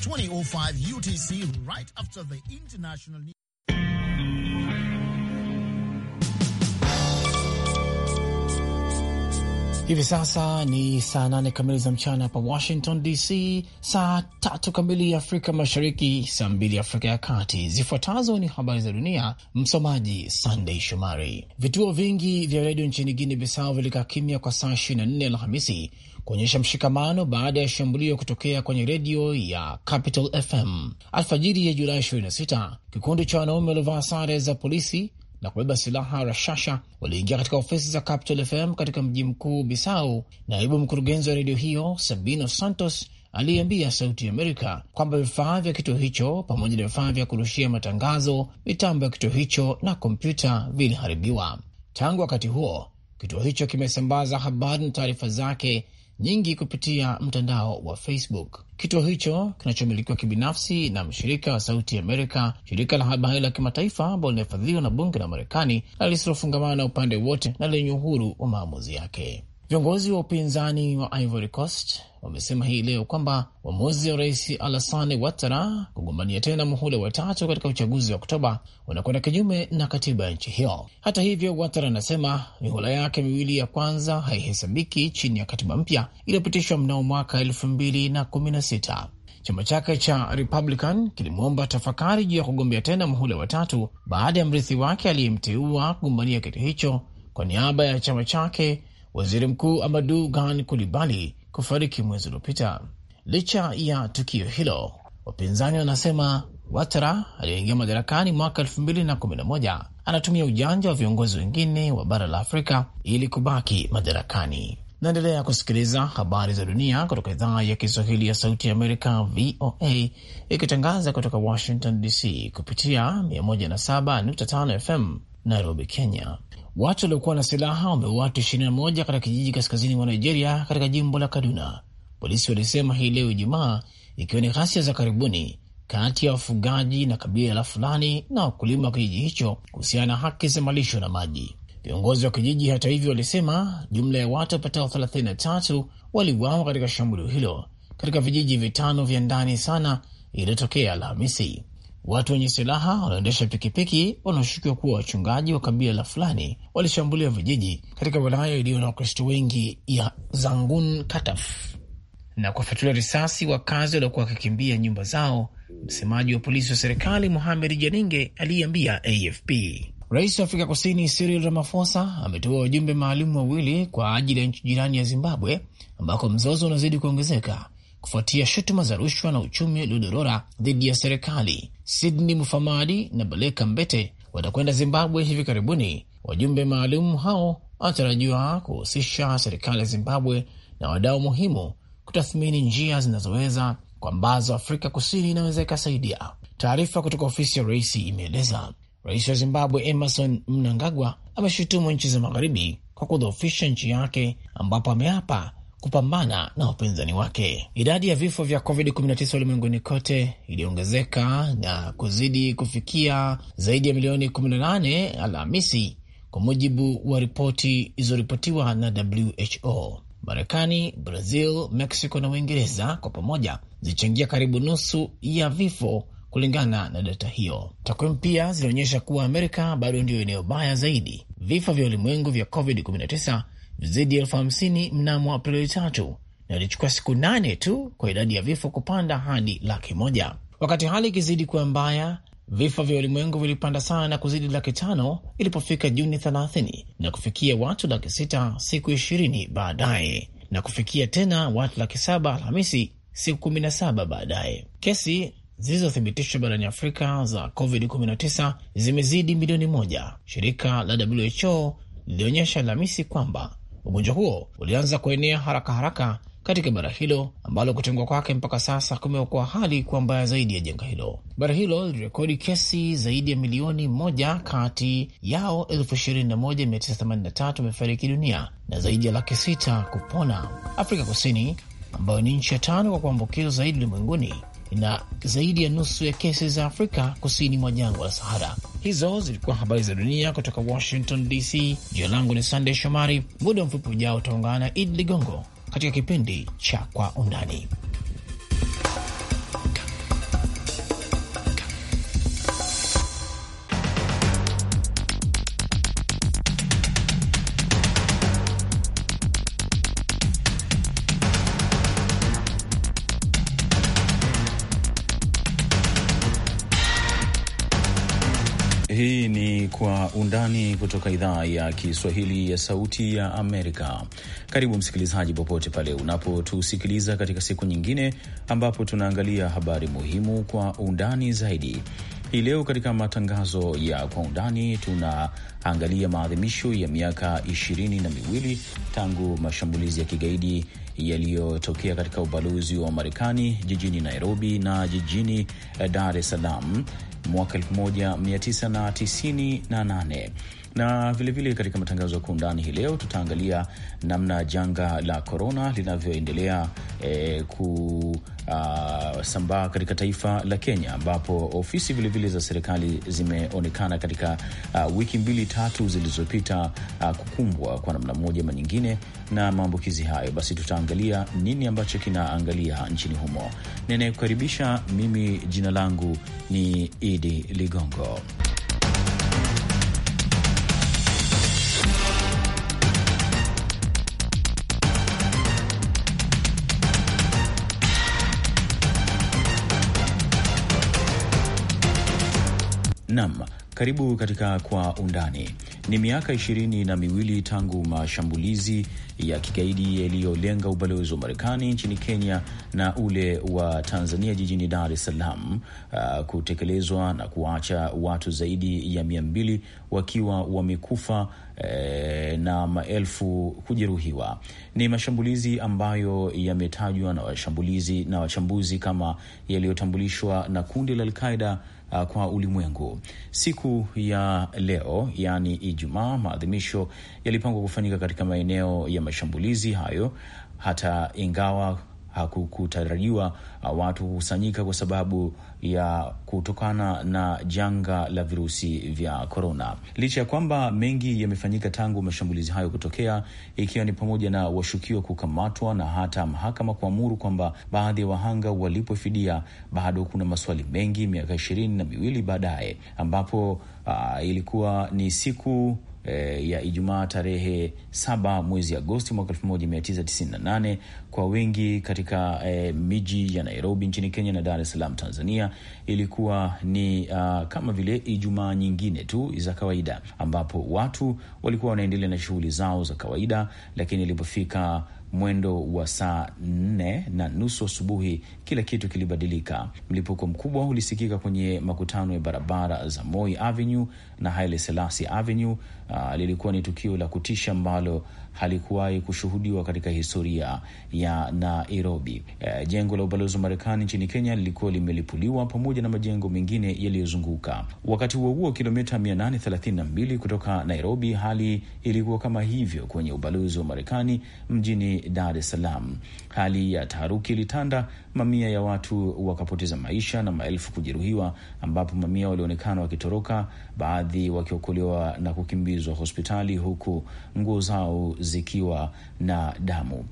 2005 UTC right after the international Hivi sasa ni saa nane kamili za mchana hapa Washington DC, saa tatu kamili Afrika Mashariki, saa mbili Afrika ya Kati. Zifuatazo ni habari za dunia, msomaji Sandey Shomari. Vituo vingi vya redio nchini Guinea Bissau vilikaa kimya kwa saa 24 Alhamisi kuonyesha mshikamano baada ya shambulio kutokea kwenye redio ya Capital FM alfajiri ya Julai 26. Kikundi cha wanaume waliovaa sare za polisi na kubeba silaha rashasha waliingia katika ofisi za Capital FM katika mji mkuu Bisau. Naibu mkurugenzi wa redio hiyo Sabino Santos aliyeambia Sauti ya Amerika kwamba vifaa vya kituo hicho pamoja na vifaa vya kurushia matangazo, mitambo ya kituo hicho na kompyuta viliharibiwa. Tangu wakati huo, kituo hicho kimesambaza habari na taarifa zake nyingi kupitia mtandao wa Facebook. Kituo hicho kinachomilikiwa kibinafsi na mshirika wa Sauti ya Amerika, shirika la habari la kimataifa ambalo linafadhiliwa na bunge la Marekani na lisilofungamana na upande wote na lenye uhuru wa maamuzi yake. Viongozi wa upinzani wa Ivory Coast wamesema hii leo kwamba uamuzi wa rais Alassane Ouattara kugombania tena muhula watatu katika uchaguzi wa Oktoba unakwenda kinyume na katiba ya nchi hiyo. Hata hivyo, Ouattara anasema mihula yake miwili ya kwanza haihesabiki chini ya katiba mpya iliyopitishwa mnao mwaka elfu mbili na kumi na sita. Chama chake cha Republican kilimwomba tafakari juu ya kugombea tena muhula watatu baada ya mrithi wake aliyemteua kugombania kiti hicho kwa niaba ya chama chake waziri mkuu Amadu Gan Kulibali kufariki mwezi uliopita. Licha ya tukio hilo, wapinzani wanasema Watara aliyeingia madarakani mwaka 211 anatumia ujanja wa viongozi wengine wa bara la Afrika ili kubaki madarakani. Naendelea kusikiliza habari za dunia kutoka idhaa ya Kiswahili ya Sauti ya Amerika, VOA, ikitangaza kutoka Washington DC kupitia 107.5 FM Nairobi, Kenya. Watu waliokuwa na silaha wameua watu 21 katika kijiji kaskazini mwa Nigeria, katika jimbo la Kaduna, polisi walisema hii leo Ijumaa, ikiwa ni ghasia za karibuni kati ya wafugaji na kabila la Fulani na wakulima wa kijiji hicho kuhusiana na haki za malisho na maji. Viongozi wa kijiji hata hivyo walisema jumla ya watu wapatao 33 waliuawa katika shambulio hilo katika vijiji vitano vya ndani sana iliyotokea Alhamisi. Watu wenye silaha wanaoendesha pikipiki wanaoshukiwa kuwa wachungaji wa kabila la fulani walishambulia vijiji katika wilaya iliyo na Wakristo wengi ya Zangun Kataf na kuwafyatulia risasi wakazi waliokuwa wakikimbia nyumba zao. Msemaji wa polisi wa serikali muhamed janinge aliyeambia AFP rais wa Afrika Kusini Cyril Ramaphosa ametoa wajumbe maalumu wawili kwa ajili ya nchi jirani ya Zimbabwe ambako mzozo unazidi kuongezeka kufuatia shutuma za rushwa na uchumi uliodorora dhidi ya serikali. Sydney Mufamadi na Baleka Mbete watakwenda Zimbabwe hivi karibuni. Wajumbe maalum hao wanatarajiwa kuhusisha serikali ya Zimbabwe na wadau muhimu kutathmini njia zinazoweza kwa ambazo Afrika Kusini inaweza ikasaidia. Taarifa kutoka ofisi ya rais imeeleza rais wa Zimbabwe Emerson Mnangagwa ameshutumu nchi za magharibi kwa kudhoofisha nchi yake, ambapo ameapa kupambana na upinzani wake. Idadi ya vifo vya COVID-19 ulimwenguni kote iliongezeka na kuzidi kufikia zaidi ya milioni 18 Alhamisi, kwa mujibu wa ripoti ilizoripotiwa na WHO. Marekani, Brazil, Mexico na Uingereza kwa pamoja zilichangia karibu nusu ya vifo kulingana na data hiyo. Takwimu pia zilionyesha kuwa Amerika bado ndiyo eneo baya zaidi. Vifo vya ulimwengu vya COVID-19 zaidi ya elfu hamsini mnamo Aprili tatu na ilichukua siku nane tu kwa idadi ya vifo kupanda hadi laki moja. Wakati hali ikizidi kuwa mbaya, vifo vya ulimwengu vilipanda sana na kuzidi laki tano ilipofika Juni 30 na kufikia watu laki sita siku ishirini baadaye na kufikia tena watu laki saba Alhamisi siku kumi na saba baadaye. Kesi zilizothibitishwa barani Afrika za COVID-19 zimezidi milioni moja. Shirika la WHO lilionyesha Alhamisi kwamba Ugonjwa huo ulianza kuenea haraka haraka katika bara hilo ambalo kutengwa kwake mpaka sasa kumeokoa hali kuwa mbaya zaidi ya janga hilo. Bara hilo lilirekodi kesi zaidi ya milioni moja, kati yao 21983 wamefariki dunia na zaidi ya laki sita kupona. Afrika Kusini ambayo ni nchi ya tano kwa kuambukizwa zaidi ulimwenguni na zaidi ya nusu ya kesi za Afrika kusini mwa jangwa la Sahara. Hizo zilikuwa habari za dunia kutoka Washington DC. Jina langu ni Sandey Shomari. Muda mfupi ujao utaungana na Idi Ligongo katika kipindi cha Kwa Undani. Undani kutoka idhaa ya Kiswahili ya Sauti ya Amerika. Karibu msikilizaji, popote pale unapotusikiliza katika siku nyingine ambapo tunaangalia habari muhimu kwa undani zaidi. Hii leo katika matangazo ya kwa undani tunaangalia maadhimisho ya miaka ishirini na miwili tangu mashambulizi ya kigaidi yaliyotokea katika ubalozi wa Marekani jijini Nairobi na jijini eh, Dar es Salaam mwaka 1998 na na vilevile katika matangazo ya kuundani hii leo tutaangalia namna janga la korona linavyoendelea e, eh, kusambaa ah, katika taifa la Kenya, ambapo ofisi vilevile za serikali zimeonekana katika uh, wiki mbili tatu zilizopita uh, kukumbwa kwa namna moja ama nyingine na maambukizi hayo. Basi tutaangalia nini ambacho kinaangalia nchini humo. Ninayekukaribisha mimi, jina langu ni Idi Ligongo. Nam, karibu katika Kwa Undani. Ni miaka ishirini na miwili tangu mashambulizi ya kigaidi yaliyolenga ubalozi wa Marekani nchini Kenya na ule wa Tanzania jijini Dar es Salaam uh, kutekelezwa na kuwaacha watu zaidi ya mia mbili wakiwa wamekufa eh, na maelfu kujeruhiwa. Ni mashambulizi ambayo yametajwa na washambulizi na wachambuzi kama yaliyotambulishwa na kundi la Alqaida uh, kwa ulimwengu. Siku ya leo, yaani Ijumaa, maadhimisho yalipangwa kufanyika katika maeneo ya mashambulizi hayo, hata ingawa hakukutarajiwa uh, watu kukusanyika kwa sababu ya kutokana na janga la virusi vya korona. Licha ya kwamba mengi yamefanyika tangu mashambulizi hayo kutokea, ikiwa ni pamoja na washukiwa kukamatwa na hata mahakama kuamuru kwamba baadhi ya wahanga walipwe fidia, bado kuna maswali mengi, miaka ishirini na miwili baadaye ambapo uh, ilikuwa ni siku eh, ya Ijumaa tarehe 7 mwezi Agosti mwaka nane kwa wengi katika eh, miji ya Nairobi nchini Kenya na Dar es Salaam Tanzania, ilikuwa ni uh, kama vile Ijumaa nyingine tu za kawaida, ambapo watu walikuwa wanaendelea na shughuli zao za kawaida, lakini ilipofika mwendo wa saa nne na nusu asubuhi kila kitu kilibadilika. Mlipuko mkubwa ulisikika kwenye makutano ya barabara za Moi Avenue na Haile Selassie Avenue Uh, lilikuwa ni tukio la kutisha ambalo halikuwahi kushuhudiwa katika historia ya Nairobi. E, jengo la ubalozi wa Marekani nchini Kenya lilikuwa limelipuliwa pamoja na majengo mengine yaliyozunguka. Wakati huo huo, kilomita 832 kutoka Nairobi, hali ilikuwa kama hivyo kwenye ubalozi wa Marekani mjini Dar es Salaam. Hali ya taharuki ilitanda, mamia ya watu wakapoteza maisha na maelfu kujeruhiwa, ambapo mamia walionekana wakitoroka, baadhi wakiokolewa na kukimbia kulazwa hospitali huku nguo zao zikiwa na damu.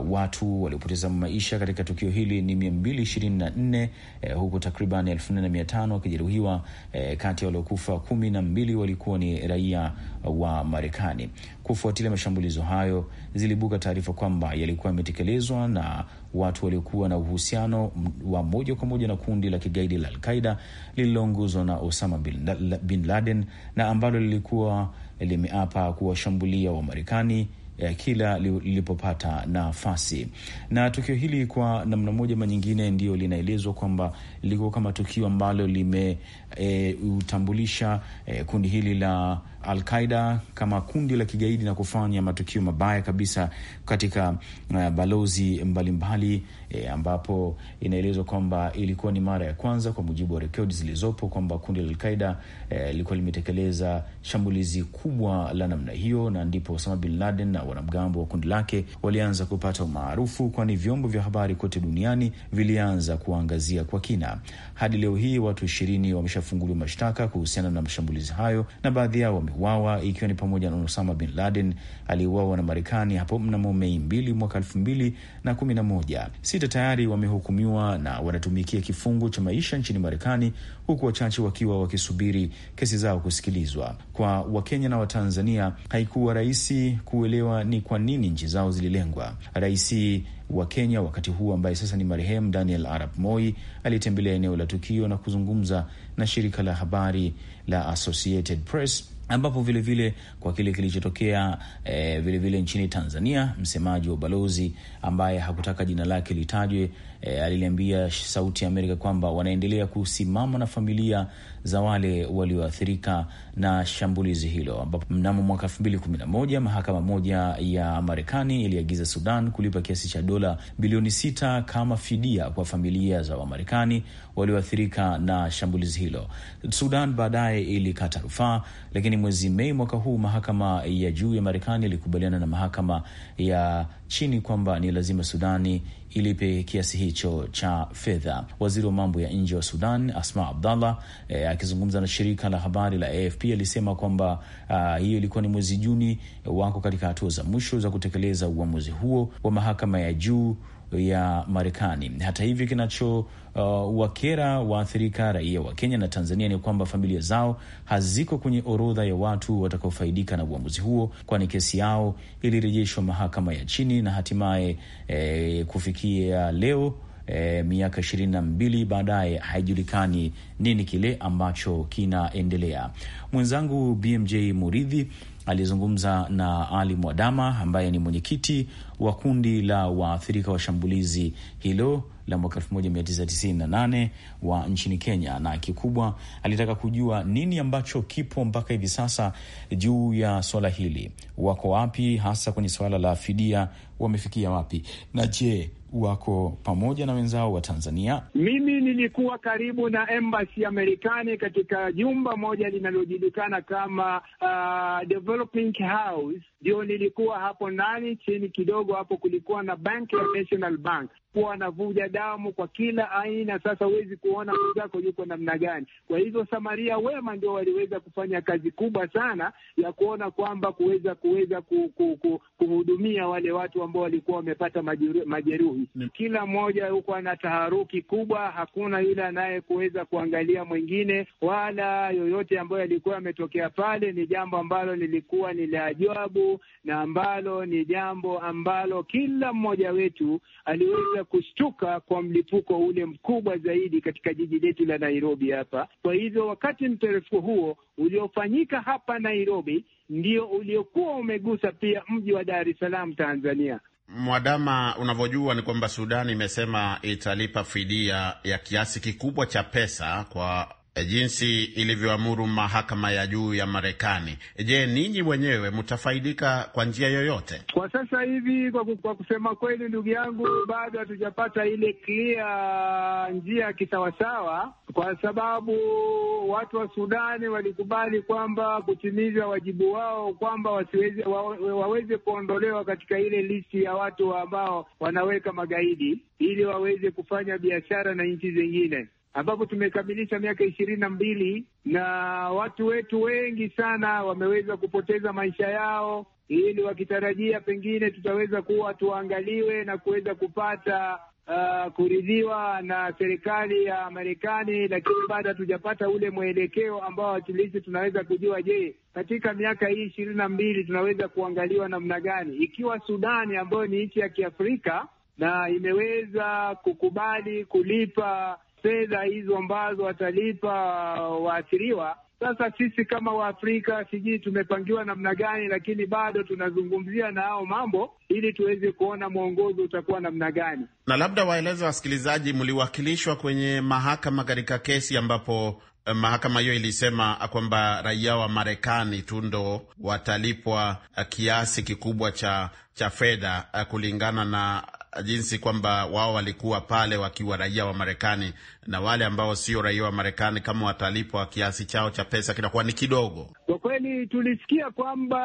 Uh, watu waliopoteza maisha katika tukio hili ni 224 eh, huku takriban 4500 wakijeruhiwa. Eh, kati ya waliokufa kumi na mbili walikuwa ni raia wa Marekani. Kufuatilia mashambulizo hayo, zilibuka taarifa kwamba yalikuwa yametekelezwa na watu waliokuwa na uhusiano wa moja kwa moja na kundi la kigaidi la Alqaida lililoongozwa na Osama bin Laden na ambalo lilikuwa limeapa kuwashambulia Wamarekani eh, kila lilipopata nafasi. Na tukio hili kwa namna moja ama nyingine, ndio linaelezwa kwamba liko kama tukio ambalo limeutambulisha eh, e, eh, e, kundi hili la Alqaida kama kundi la kigaidi na kufanya matukio mabaya kabisa katika uh, balozi mbalimbali e, ambapo inaelezwa kwamba ilikuwa ni mara ya kwanza kwa mujibu wa rekodi zilizopo kwamba kundi la Alqaida eh, lilikuwa e, limetekeleza shambulizi kubwa la namna hiyo, na ndipo Osama bin Laden na wanamgambo wa kundi lake walianza kupata umaarufu, kwani vyombo vya habari kote duniani vilianza kuangazia kwa kina. Hadi leo hii watu ishirini wameshafunguliwa mashtaka kuhusiana na mashambulizi hayo na baadhi yao wameuawa ikiwa ni pamoja na Osama bin Laden aliyeuawa na Marekani hapo mnamo Mei mbili mwaka elfu mbili na kumi na moja. Sita tayari wamehukumiwa na wanatumikia kifungo cha maisha nchini Marekani, huku wachache wakiwa wakisubiri kesi zao kusikilizwa. Kwa Wakenya na Watanzania haikuwa rahisi kuelewa ni kwa nini nchi zao zililengwa. Raisi wa Kenya wakati huu ambaye sasa ni marehemu Daniel Arap Moi alitembelea eneo la tukio na kuzungumza na shirika la habari la Associated Press ambapo vilevile vile kwa kile kilichotokea vilevile eh, vile nchini Tanzania, msemaji wa balozi ambaye hakutaka jina lake litajwe e, aliliambia Sauti ya Amerika kwamba wanaendelea kusimama na familia za wale walioathirika na shambulizi hilo, ambapo mnamo mwaka elfu mbili kumi na moja mahakama moja ya Marekani iliagiza Sudan kulipa kiasi cha dola bilioni sita kama fidia kwa familia za Wamarekani walioathirika na shambulizi hilo. Sudan baadaye ilikata rufaa, lakini mwezi Mei mwaka huu mahakama ya juu ya Marekani ilikubaliana na mahakama ya chini kwamba ni lazima Sudani ilipe kiasi hicho cha fedha. Waziri wa mambo ya nje wa Sudan Asma Abdallah e, akizungumza na shirika la habari la AFP alisema kwamba ah, hiyo ilikuwa ni mwezi Juni, wako katika hatua za mwisho za kutekeleza uamuzi huo wa mahakama ya juu ya Marekani. Hata hivyo, kinacho uh, waathirika raia wa Kenya na Tanzania ni kwamba familia zao haziko kwenye orodha ya watu watakaofaidika na uamuzi huo, kwani kesi yao ilirejeshwa mahakama ya chini na hatimaye eh, kufikia leo e, miaka ishirini na mbili baadaye haijulikani nini kile ambacho kinaendelea. Mwenzangu BMJ Muridhi alizungumza na Ali Mwadama ambaye ni mwenyekiti wa kundi la waathirika wa shambulizi hilo la mwaka 1998 wa nchini Kenya, na kikubwa alitaka kujua nini ambacho kipo mpaka hivi sasa juu ya swala hili. Wako wapi hasa kwenye swala la fidia, wamefikia wapi? Na je, wako pamoja na wenzao wa Tanzania. Mimi nilikuwa karibu na embassy ya Marekani katika jumba moja linalojulikana kama uh, Developing House, ndio nilikuwa hapo ndani chini kidogo, hapo kulikuwa na bank ya National Bank kuwa anavuja damu kwa kila aina. Sasa huwezi kuona mwenzako yuko namna gani. Kwa hivyo Samaria wema ndio waliweza kufanya kazi kubwa sana ya kuona kwamba kuweza kuweza kuhudumia wale watu ambao walikuwa wamepata majeruhi. Kila mmoja huko ana taharuki kubwa, hakuna yule anayekuweza kuangalia mwingine wala yoyote ambayo yalikuwa yametokea pale. Ni jambo ambalo lilikuwa ni la ajabu na ambalo ni jambo ambalo kila mmoja wetu aliweza ya kushtuka kwa mlipuko ule mkubwa zaidi katika jiji letu la Nairobi hapa. Kwa hivyo wakati mterefu huo uliofanyika hapa Nairobi ndio uliokuwa umegusa pia mji wa Dar es Salaam, Tanzania. Mwadama, unavyojua ni kwamba Sudani imesema italipa fidia ya kiasi kikubwa cha pesa kwa E, jinsi ilivyoamuru mahakama ya juu ya Marekani. Je, ninyi wenyewe mtafaidika kwa njia yoyote kwa sasa hivi? Kwa, kwa kusema kweli, ndugu yangu, bado hatujapata ile clear njia ya kisawasawa, kwa sababu watu wa Sudani walikubali kwamba kutimiza wajibu wao kwamba wasiweze, wa, waweze kuondolewa katika ile listi ya watu ambao wa wanaweka magaidi ili waweze kufanya biashara na nchi zingine ambapo tumekamilisha miaka ishirini na mbili na watu wetu wengi sana wameweza kupoteza maisha yao, ili wakitarajia pengine tutaweza kuwa tuangaliwe na kuweza kupata uh, kuridhiwa na serikali ya Marekani, lakini bado hatujapata ule mwelekeo ambao wakilishi tunaweza kujua, je, katika miaka hii ishirini na mbili tunaweza kuangaliwa namna gani, ikiwa Sudani ambayo ni nchi ya Kiafrika na imeweza kukubali kulipa fedha hizo ambazo watalipa waathiriwa. Sasa sisi kama Waafrika sijui tumepangiwa namna gani, lakini bado tunazungumzia na hao mambo ili tuweze kuona mwongozo utakuwa namna gani. Na labda waeleze wasikilizaji, mliwakilishwa kwenye mahakama katika kesi ambapo eh, mahakama hiyo ilisema kwamba raia wa Marekani tu ndo watalipwa eh, kiasi kikubwa cha cha fedha eh, kulingana na jinsi kwamba wao walikuwa pale wakiwa raia wa Marekani na wale ambao sio raia wa Marekani, kama watalipwa kiasi chao cha pesa kinakuwa ni kidogo. Kwa kweli tulisikia kwamba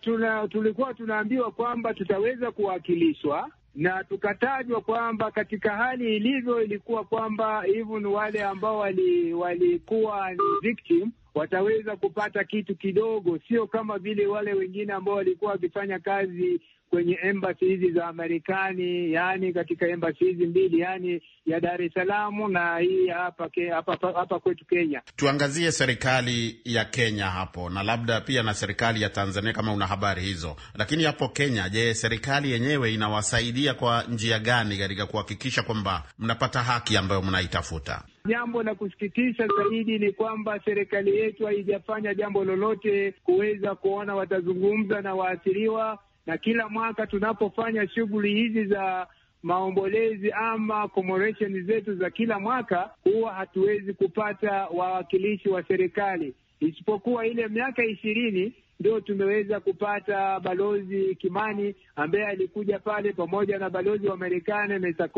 tuna, tulikuwa tunaambiwa kwamba tutaweza kuwakilishwa na tukatajwa kwamba katika hali ilivyo ilikuwa kwamba even wale ambao walikuwa wali ni victim wataweza kupata kitu kidogo, sio kama vile wale wengine ambao walikuwa wakifanya kazi kwenye embasi hizi za Marekani, yani katika embasi hizi mbili, yani ya Dar es Salaam na hii hapa hapa, hapa kwetu Kenya. Tuangazie serikali ya Kenya hapo na labda pia na serikali ya Tanzania kama una habari hizo. Lakini hapo Kenya, je, serikali yenyewe inawasaidia kwa njia gani katika kuhakikisha kwamba mnapata haki ambayo mnaitafuta? Jambo la kusikitisha zaidi ni kwamba serikali yetu haijafanya jambo lolote kuweza kuona watazungumza na waathiriwa na kila mwaka tunapofanya shughuli hizi za maombolezi ama commemoration zetu za kila mwaka, huwa hatuwezi kupata wawakilishi wa serikali, isipokuwa ile miaka ishirini ndio tumeweza kupata balozi Kimani ambaye alikuja pale pamoja na balozi wa Marekani Mr.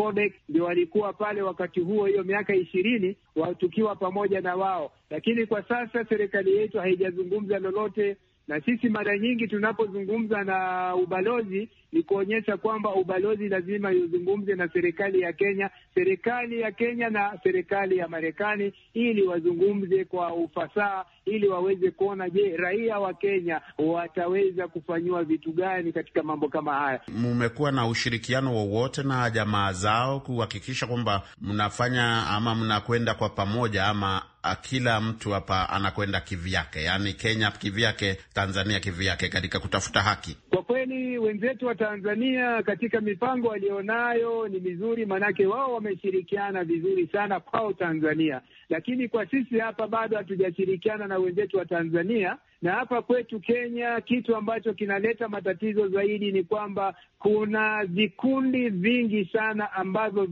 ndio walikuwa pale wakati huo, hiyo miaka ishirini tukiwa pamoja na wao. Lakini kwa sasa serikali yetu haijazungumza lolote na sisi mara nyingi tunapozungumza na ubalozi ni kuonyesha kwamba ubalozi lazima izungumze na serikali ya Kenya, serikali ya Kenya na serikali ya Marekani, ili wazungumze kwa ufasaha, ili waweze kuona, je, raia wa Kenya wataweza kufanyiwa vitu gani katika mambo kama haya. Mmekuwa na ushirikiano wowote na jamaa zao kuhakikisha kwamba mnafanya ama mnakwenda kwa pamoja ama kila mtu hapa anakwenda kivyake, yaani Kenya kivyake, Tanzania kivyake, katika kutafuta haki? Kwa kweli wenzetu wa Tanzania katika mipango walionayo ni mizuri, maanake wao wameshirikiana vizuri sana kwao Tanzania, lakini kwa sisi hapa bado hatujashirikiana na wenzetu wa Tanzania na hapa kwetu Kenya, kitu ambacho kinaleta matatizo zaidi ni kwamba kuna vikundi vingi sana ambavyo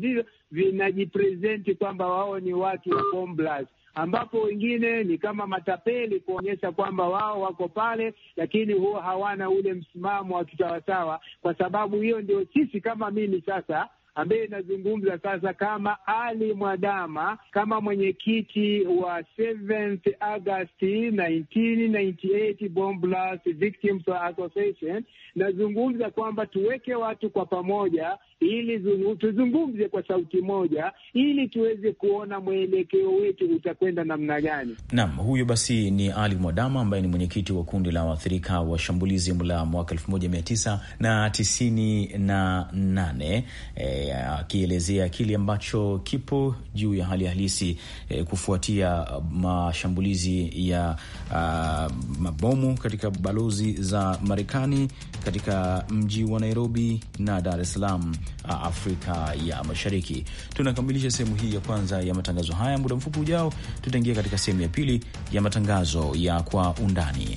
vinajipresenti kwamba wao ni watu wa Komblast ambapo wengine ni kama matapeli kuonyesha kwamba wao wako pale, lakini huwa hawana ule msimamo wa kisawasawa, kwa sababu hiyo ndio sisi kama mimi sasa ambaye inazungumza sasa kama Ali Mwadama, kama mwenyekiti wa 7th August 1998 Bomb Blast Victims Association, nazungumza kwamba tuweke watu kwa pamoja ili tuzungumze kwa sauti moja, ili tuweze kuona mwelekeo wetu utakwenda namna gani. Naam, huyo basi ni Ali Mwadama ambaye ni mwenyekiti wa kundi la waathirika wa shambulizi la mwaka elfu moja mia tisa na tisini na nane e, akielezea kile ambacho kipo juu ya hali halisi e, kufuatia mashambulizi ya a, mabomu katika balozi za Marekani katika mji wa Nairobi na Dar es Salaam Afrika ya Mashariki. Tunakamilisha sehemu hii ya kwanza ya matangazo haya. Muda mfupi ujao, tutaingia katika sehemu ya pili ya matangazo ya kwa undani.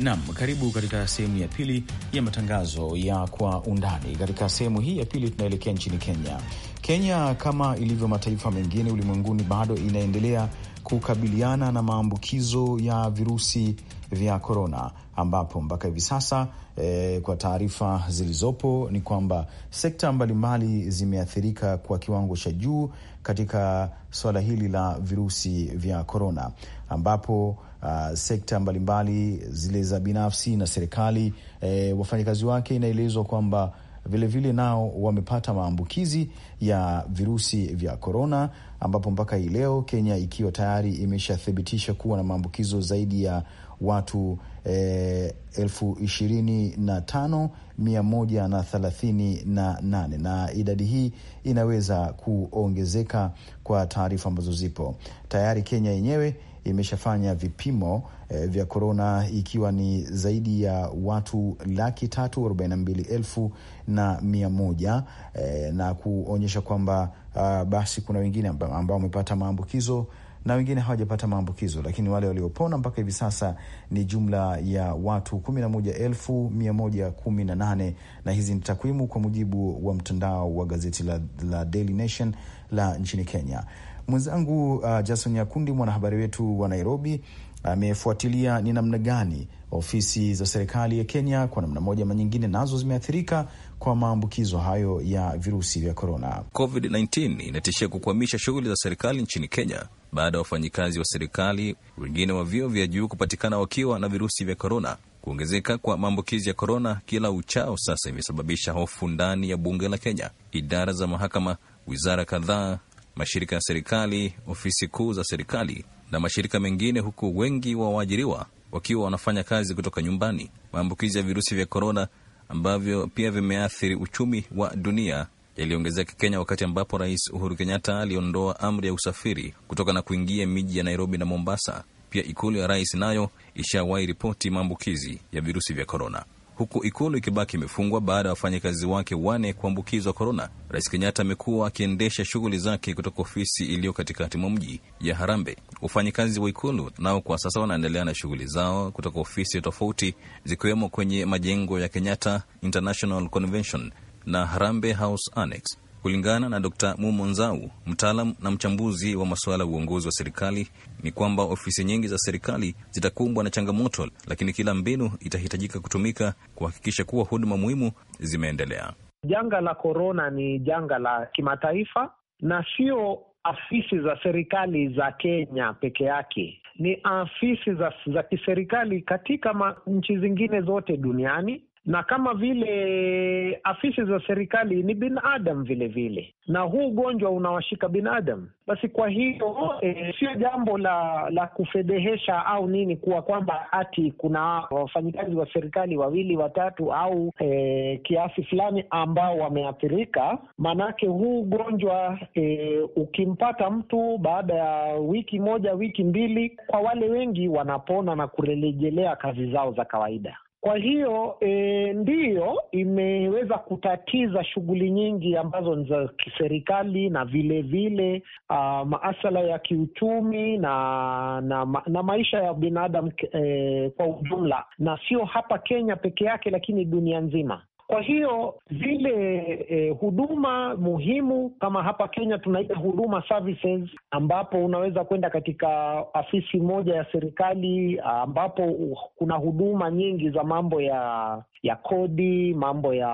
Nam, karibu katika sehemu ya pili ya matangazo ya kwa undani. Katika sehemu hii ya pili tunaelekea nchini Kenya. Kenya kama ilivyo mataifa mengine ulimwenguni bado inaendelea kukabiliana na maambukizo ya virusi vya korona, ambapo mpaka hivi sasa e, kwa taarifa zilizopo ni kwamba sekta mbalimbali zimeathirika kwa kiwango cha juu katika suala hili la virusi vya korona ambapo uh, sekta mbalimbali zile za binafsi na serikali e, wafanyakazi wake inaelezwa kwamba vilevile nao wamepata maambukizi ya virusi vya korona, ambapo mpaka hii leo Kenya ikiwa tayari imeshathibitisha kuwa na maambukizo zaidi ya watu eh, elfu ishirini na tano mia moja na thelathini na nane na idadi hii inaweza kuongezeka kwa taarifa ambazo zipo tayari. Kenya yenyewe imeshafanya vipimo eh, vya korona ikiwa ni zaidi ya watu laki tatu arobaini na mbili elfu na mia moja eh, na kuonyesha kwamba uh, basi kuna wengine ambao wamepata maambukizo na wengine hawajapata maambukizo, lakini wale waliopona mpaka hivi sasa ni jumla ya watu 11,118 na hizi ni takwimu kwa mujibu wa mtandao wa gazeti la, la Daily Nation la nchini Kenya. Mwenzangu uh, Jason Nyakundi, mwanahabari wetu wa Nairobi, amefuatilia ni namna gani ofisi za serikali ya Kenya kwa namna moja ama nyingine nazo zimeathirika kwa maambukizo hayo ya virusi vya korona. COVID-19 inatishia kukwamisha shughuli za serikali nchini Kenya baada ya wafanyikazi wa serikali wengine wa vyeo vya juu kupatikana wakiwa na virusi vya korona. Kuongezeka kwa maambukizi ya korona kila uchao sasa imesababisha hofu ndani ya bunge la Kenya. Idara za mahakama, wizara kadhaa mashirika ya serikali, ofisi kuu za serikali na mashirika mengine, huku wengi wa waajiriwa wakiwa wanafanya kazi kutoka nyumbani. Maambukizi ya virusi vya korona ambavyo pia vimeathiri uchumi wa dunia yaliongezeka Kenya wakati ambapo Rais Uhuru Kenyatta aliondoa amri ya usafiri kutoka na kuingia miji ya Nairobi na Mombasa. Pia ikulu ya rais nayo ishawahi ripoti maambukizi ya virusi vya korona huku ikulu ikibaki imefungwa baada ya wafanyakazi wake wane kuambukizwa korona. Rais Kenyatta amekuwa akiendesha shughuli zake kutoka ofisi iliyo katikati mwa mji ya Harambe. Wafanyakazi wa ikulu nao kwa sasa wanaendelea na shughuli zao kutoka ofisi tofauti, zikiwemo kwenye majengo ya Kenyatta International Convention na Harambe House Annex. Kulingana na Dr Mumo Nzau, mtaalam na mchambuzi wa masuala ya uongozi wa serikali, ni kwamba ofisi nyingi za serikali zitakumbwa na changamoto, lakini kila mbinu itahitajika kutumika kuhakikisha kuwa huduma muhimu zimeendelea. Janga la korona ni janga la kimataifa na sio afisi za serikali za Kenya peke yake, ni afisi za, za kiserikali katika nchi zingine zote duniani na kama vile afisi za serikali ni binadamu vile vile, na huu ugonjwa unawashika binadamu. Basi kwa hiyo e, sio jambo la la kufedhehesha au nini kuwa kwamba ati kuna wafanyikazi wa serikali wawili watatu au e, kiasi fulani ambao wameathirika. Maanake huu ugonjwa e, ukimpata mtu baada ya wiki moja wiki mbili, kwa wale wengi wanapona na kurejelea kazi zao za kawaida. Kwa hiyo e, eh, ndiyo imeweza kutatiza shughuli nyingi ambazo ni za kiserikali na vilevile ah, maasala ya kiuchumi na, na na maisha ya binadamu e, kwa ujumla, na sio hapa Kenya peke yake, lakini dunia nzima. Kwa hiyo zile eh, huduma muhimu kama hapa Kenya tunaita huduma services, ambapo unaweza kwenda katika afisi moja ya serikali ambapo uh, kuna huduma nyingi za mambo ya ya kodi, mambo ya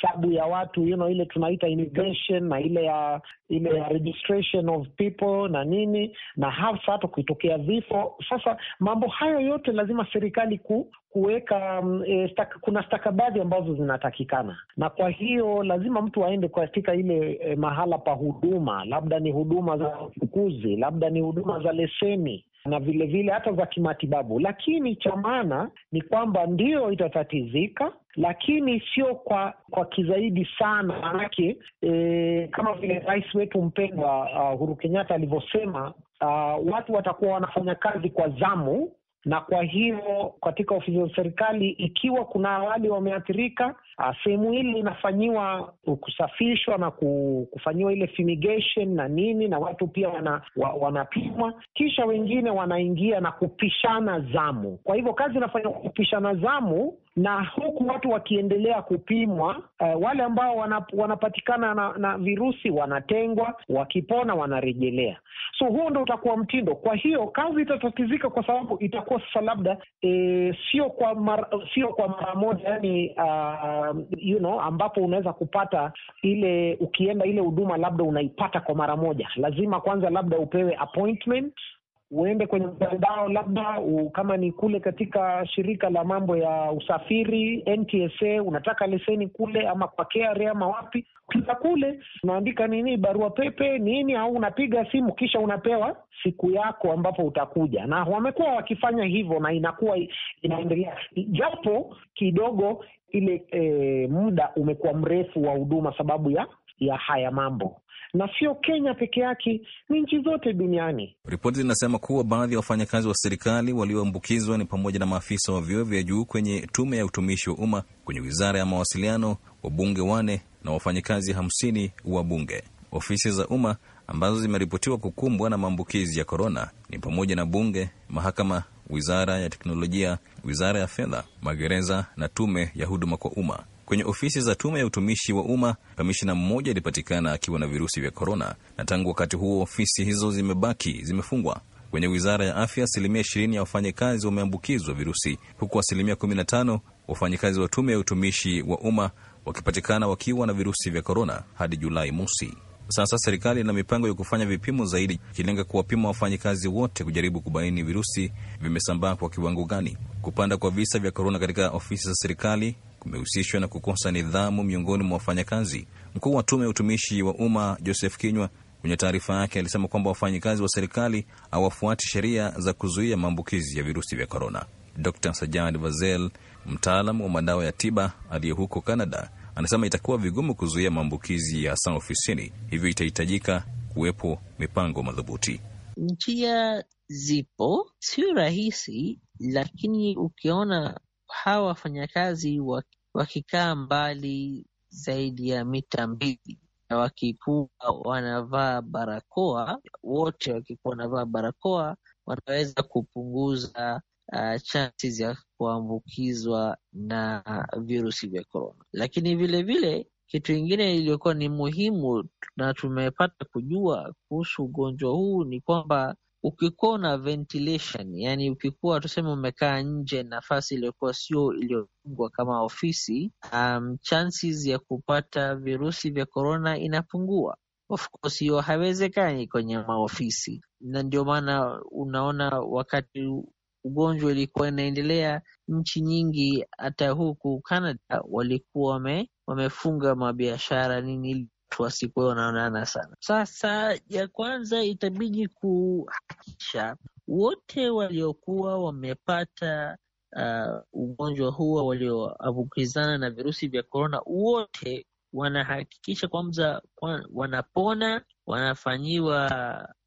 hesabu ya watu you know, ile tunaita immigration na ile ya ile ya registration of people na nini, na hasa hata kuitokea vifo. Sasa mambo hayo yote lazima serikali ku, kuweka um, e, stak, kuna stakabadhi ambazo ambazo zinatakikana, na kwa hiyo lazima mtu aende katika ile e, mahala pa huduma, labda ni huduma za uchukuzi, labda ni huduma za leseni na vilevile vile hata za kimatibabu. Lakini cha maana ni kwamba ndiyo itatatizika, lakini sio kwa kwa kizaidi sana, maanake e, kama vile rais wetu mpendwa uh, Uhuru Kenyatta alivyosema, uh, watu watakuwa wanafanya kazi kwa zamu na kwa hivyo katika ofisi za serikali, ikiwa kuna wale wameathirika, ah, sehemu hili inafanyiwa kusafishwa na kufanyiwa ile fumigation na nini, na watu pia wana, wa, wanapimwa, kisha wengine wanaingia na kupishana zamu. Kwa hivyo kazi inafanywa kupishana zamu na huku watu wakiendelea kupimwa eh, wale ambao wanap, wanapatikana na, na virusi wanatengwa, wakipona wanarejelea. So huo ndo utakuwa mtindo. Kwa hiyo kazi itatatizika, kwa sababu itakuwa sasa labda eh, sio kwa mara, sio kwa mara moja, yani uh, you know, ambapo unaweza kupata ile ukienda ile huduma labda unaipata kwa mara moja, lazima kwanza labda upewe appointment uende kwenye mtandao, labda kama ni kule katika shirika la mambo ya usafiri NTSA, unataka leseni kule ama kwa KRA ama wapi, ukienda kule unaandika nini, barua pepe nini, au unapiga simu, kisha unapewa siku yako ambapo utakuja. Na wamekuwa wakifanya hivyo na inakuwa inaendelea, japo kidogo ile e, muda umekuwa mrefu wa huduma sababu ya ya haya mambo na sio Kenya peke yake, ni nchi zote duniani. Ripoti zinasema kuwa baadhi ya wafanyakazi wa serikali walioambukizwa ni pamoja na maafisa wa vyeo vya juu kwenye tume ya utumishi wa umma, kwenye wizara ya mawasiliano, wabunge wane na wafanyakazi hamsini wa bunge. Ofisi za umma ambazo zimeripotiwa kukumbwa na maambukizi ya korona ni pamoja na bunge, mahakama, wizara ya teknolojia, wizara ya fedha, magereza na tume ya huduma kwa umma. Kwenye ofisi za tume ya utumishi wa umma, kamishina mmoja alipatikana akiwa na virusi vya korona, na tangu wakati huo ofisi hizo zimebaki zimefungwa. Kwenye wizara ya afya, asilimia ishirini ya wafanyakazi wameambukizwa virusi, huku asilimia kumi na tano wafanyakazi wa tume ya utumishi wa umma wakipatikana wakiwa na virusi vya korona hadi Julai mosi. Sasa serikali ina mipango ya kufanya vipimo zaidi, ikilenga kuwapima wafanyakazi wote kujaribu kubaini virusi vimesambaa kwa kiwango gani. Kupanda kwa visa vya korona katika ofisi za serikali kumehusishwa na kukosa nidhamu miongoni mwa wafanyakazi. Mkuu wa Tume ya Utumishi wa Umma Joseph Kinywa kwenye taarifa yake alisema kwamba wafanyakazi wa serikali hawafuati sheria za kuzuia maambukizi ya virusi vya korona. Dr Sajad Vazel, mtaalam wa madawa ya tiba aliye huko Canada, anasema itakuwa vigumu kuzuia maambukizi ya saa ofisini, hivyo itahitajika kuwepo mipango madhubuti. Njia zipo, sio rahisi, lakini ukiona hawa wafanyakazi wakikaa mbali zaidi ya mita mbili na wakikuwa wanavaa barakoa, wote wakikuwa wanavaa barakoa, wanaweza kupunguza uh, ah, chansi za kuambukizwa na virusi vya korona. Lakini vilevile kitu ingine iliyokuwa ni muhimu na tumepata kujua kuhusu ugonjwa huu ni kwamba ukikuwa una ventilation yani, ukikuwa tuseme umekaa nje nafasi iliyokuwa sio iliyofungwa kama ofisi, um, chances ya kupata virusi vya korona inapungua. Of course hiyo haiwezekani kwenye maofisi, na ndio maana unaona wakati ugonjwa ilikuwa inaendelea nchi nyingi, hata huku Canada walikuwa wame, wamefunga mabiashara nini watu wasikuwe wanaonana sana. Sasa ya kwanza itabidi kuhakikisha wote waliokuwa wamepata uh, ugonjwa huo walioambukizana na virusi vya korona, wote wanahakikisha kwa, wanapona, wanafanyiwa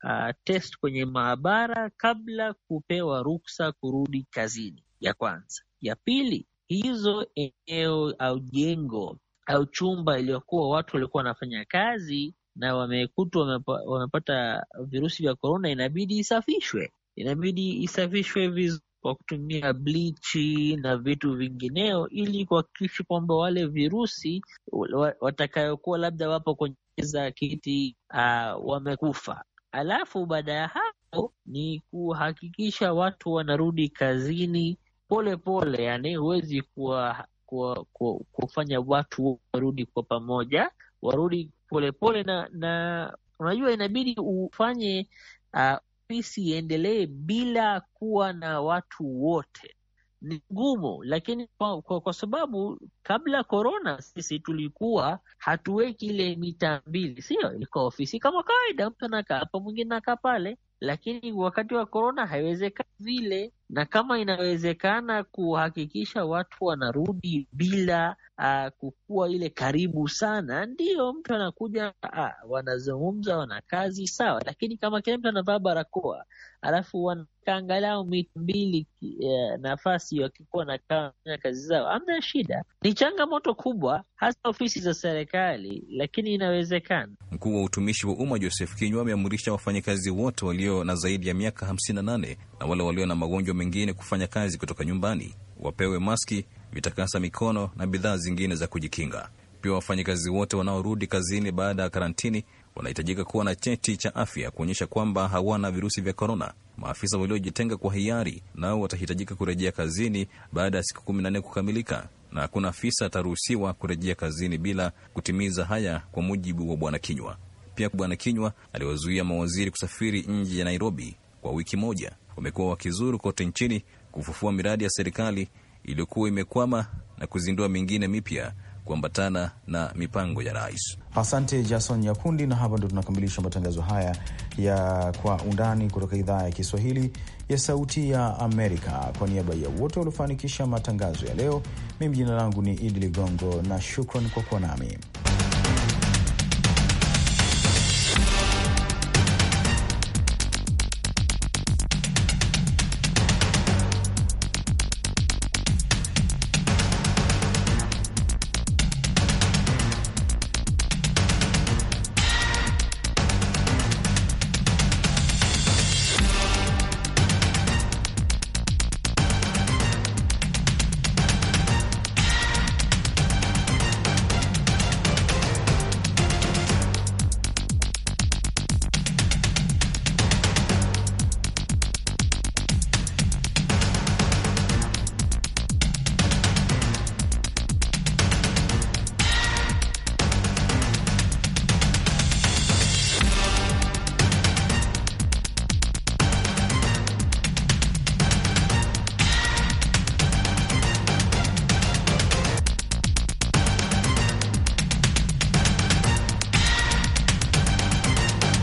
uh, test kwenye maabara kabla kupewa ruksa kurudi kazini. Ya kwanza. Ya pili, hizo eneo au jengo au chumba iliyokuwa watu walikuwa wanafanya kazi na wamekutwa wamepata virusi vya korona, inabidi isafishwe, inabidi isafishwe vizuri kwa kutumia blichi na vitu vingineo, ili kuhakikisha kwamba wale virusi watakayokuwa labda wapo kwenye za kiti uh, wamekufa. Alafu baada ya hapo ni kuhakikisha watu wanarudi kazini polepole pole, yani huwezi kuwa kwa kwa, kufanya watu warudi kwa pamoja, warudi polepole pole na, na unajua inabidi ufanye ah, ofisi uh, iendelee bila kuwa na watu wote ni ngumu, lakini kwa, kwa, kwa sababu kabla korona sisi tulikuwa hatuweki ile mita mbili, sio? Ilikuwa ofisi kama kawaida, mtu anakaa hapa, mwingine anakaa pale, lakini wakati wa korona haiwezekani vile na kama inawezekana kuhakikisha watu wanarudi bila uh, ah, kukuwa ile karibu sana, ndiyo mtu anakuja uh, wanazungumza, wana kazi sawa, lakini kama kila mtu anavaa barakoa alafu wanakaa angalau mita mbili uh, nafasi wakikuwa nakaa kazi zao, amna shida. Ni changamoto kubwa, hasa ofisi za serikali, lakini inawezekana. Mkuu wa utumishi wa umma Joseph Kinywa ameamrisha wafanyakazi wote walio na zaidi ya miaka hamsini na nane na wale walio na magonjwa mengine kufanya kazi kutoka nyumbani, wapewe maski, vitakasa mikono na bidhaa zingine za kujikinga. Pia wafanyakazi wote wanaorudi kazini baada ya karantini wanahitajika kuwa na cheti cha afya kuonyesha kwamba hawana virusi vya korona. Maafisa waliojitenga kwa hiari nao watahitajika kurejea kazini baada ya siku kumi na nne kukamilika, na hakuna afisa ataruhusiwa kurejea kazini bila kutimiza haya, kwa mujibu wa Bwana Kinywa. Pia Bwana Kinywa aliwazuia mawaziri kusafiri nje ya Nairobi kwa wiki moja wamekuwa wakizuru kote nchini kufufua miradi ya serikali iliyokuwa imekwama na kuzindua mingine mipya kuambatana na mipango ya rais. Asante Jason Nyakundi, na hapa ndo tunakamilisha matangazo haya ya Kwa Undani kutoka idhaa ya Kiswahili ya Sauti ya Amerika. Kwa niaba ya wote waliofanikisha matangazo ya leo, mimi jina langu ni Idi Ligongo na shukran kwa kuwa nami.